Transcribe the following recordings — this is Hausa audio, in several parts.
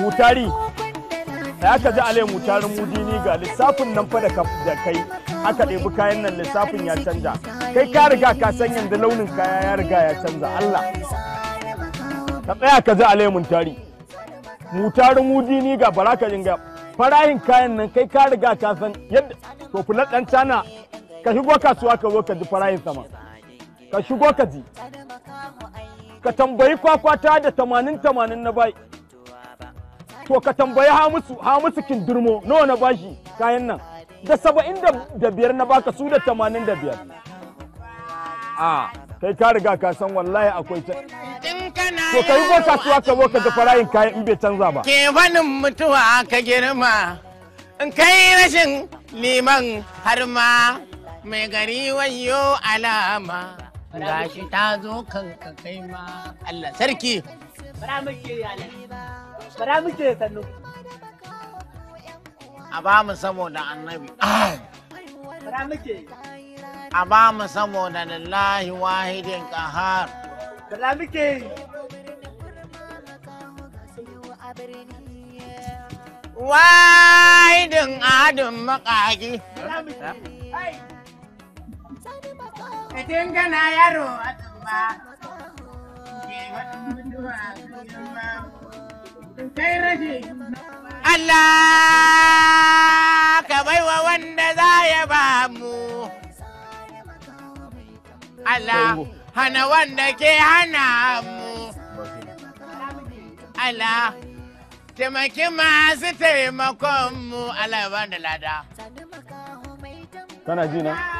mutari ya ka ji alai mutarin mudini ga lissafin nan fa da kai aka ɗebi kayan nan lissafin ya canza kai ka riga ka san yanzu launin kaya ya riga ya canza Allah ka tsaya ka ji alai mutari mutarin mudini ga baraka jinga farahin kayan nan kai ka riga ka san yadda to kula dan cana ka shigo kasuwa ka zo ka ji farahin sama ka shigo ka ji ka tambayi kwakwata da tamanin tamanin na bai to ka tambayi hamusu kin durmo nawa na bashi kayan nan da saba'in da biyar na baka su da tamanin da biyar a kai ka riga ka san wallahi akwai ta to ka yi ko kasuwa ka zo ka da farayin kayan in bai canza ba ke wani mutuwa ka girma in kai rashin liman har ma mai gari wayo alama gashi ta zo kanka kai ma Allah sarki bara muke yalan bara muke sannu a ba mu saboda annabi bara muke a ba mu saboda lillahi wahidin kahar bara muke wahidin adin makaki bara muke Mutum kana yaro a tsumba, kai Allah ka baiwa wanda za ya ba mu. Allah hana wanda ke hana mu. Allah taimaki masu taimakon mu Allah ba da lada. Kana ji na?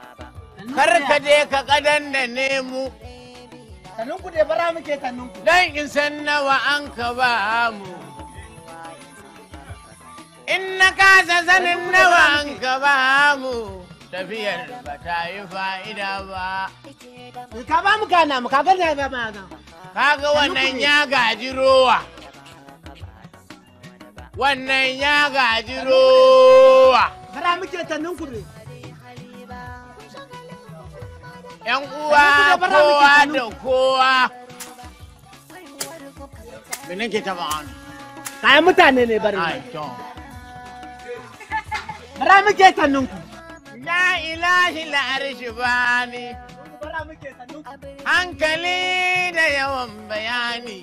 karka ka je ka kadan da nemu taninku da bara muke taninku dan in san nawa an ka ba mu inna ka kasa sanin nawa an ka ba mu tafiyar ba ta yi fa'ida ba ka ba mu kana mu kaga ne ba ma kaga wannan ya gaji rowa wannan ya gaji rowa bara muke taninku ne 'yan uwa kowa da kowa Na nake taba hannu kayan mutane ne bari bara muke sannunku ilahi bani hankali da yawan bayani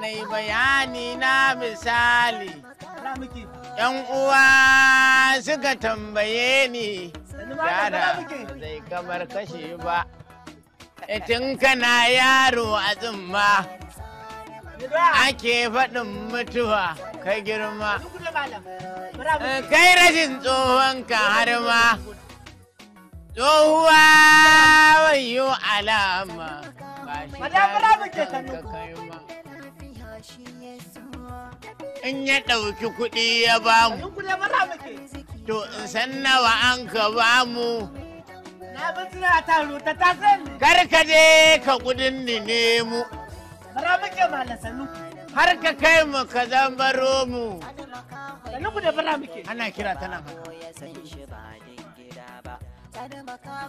mai bayani na misali yan uwa suka tambaye ni yara zai kamar kashe ba eh, tun kana yaro a tsumma ake faɗin mutuwa ka girma eh, kai rashin tsohonka har ma tsohuwa wayo alama ba shi ka in ya ɗauki kuɗi ya bamu To in san nawa an ka ba mu. Na bi suna taro ta ta sani. Karka je ka gudun ni ne mu. Bara muke sanu Har ka kai mu ka zambaro mu. Sanu ku da bara muke. Ana kira tana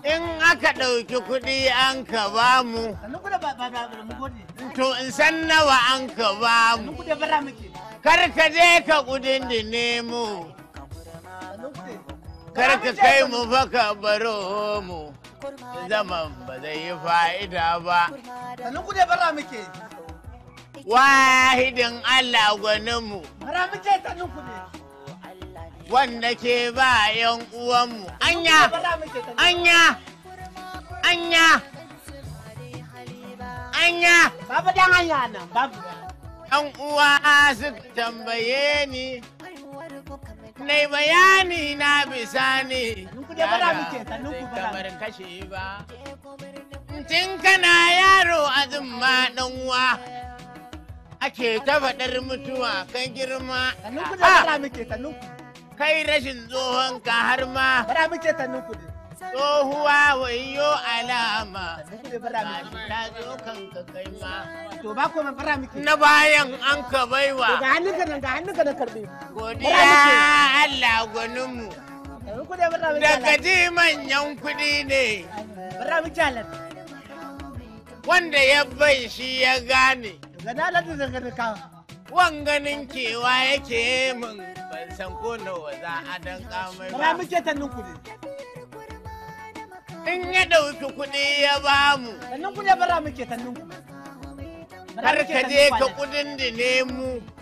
In aka ɗauki kuɗi an ka ba mu. To in san nawa an ka ba mu. Kar ka je ka gudun ne mu Kar ka kai mu baka baro mu zaman ba zai yi fa'ida ba. Sannan ku ne bara muke. Wahidin Allah gwaninmu. Bara muke sannan ku ne. Wanda ke ba 'yan uwanmu. Anya! Anya! Anya! Anya! Babu dan anya nan, babu. ‘Yan uwa suka tambaye ni. Nai bayani na bisani. Nuku da kashe ba. Tun kana yaro azumma dan uwa. Ake ta faɗar mutuwa kan girma. Ah! Kai rashin tsohon ka har ma. muke ne. tsohuwa wayo alama ba ko man fara miki na bayan an ka baiwa ga godiya Allah gwaninmu daga ji manyan kuɗi ne wanda ya bai shi ya gane Wan ganin kewa yake min ban san ko nawa za a dan kamar ba muke tannin kudi in ya ɗauki kuɗi ya ba mu. Sannan kuɗi ya bara muke sannan ku. Har ka je ka kuɗin da ne mu. Kuɗi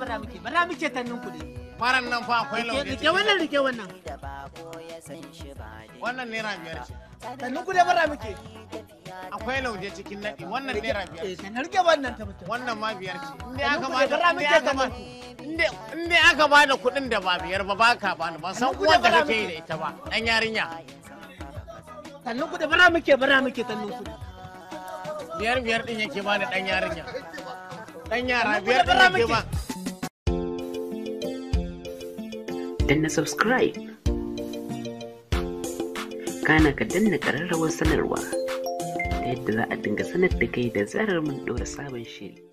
bara muke, bara sannan kuɗi. Faran nan fa akwai lauje. Rike wannan rike wannan. Wannan naira biyar ce. Sannan kuɗi bara muke. Akwai lauje cikin naɗi, wannan naira biyar eh, ce. Sannan rike wannan ta mutum. Wannan ma biyar ce. Inda ya kamata, inda ya kamata. inda aka ba da kuɗin da ba biyar ba ba ka bani ba san uwar da kake yi da ita ba ɗan yarinya sannan kudi da bara muke bara muke sannan kudi biyar biyar din yake bani dan yarinya dan yara biyar din yake ba danna subscribe kana ka danna ƙararrawar sanarwa ta yadda za a dinga sanar da kai da zarar mun ɗora sabon shiri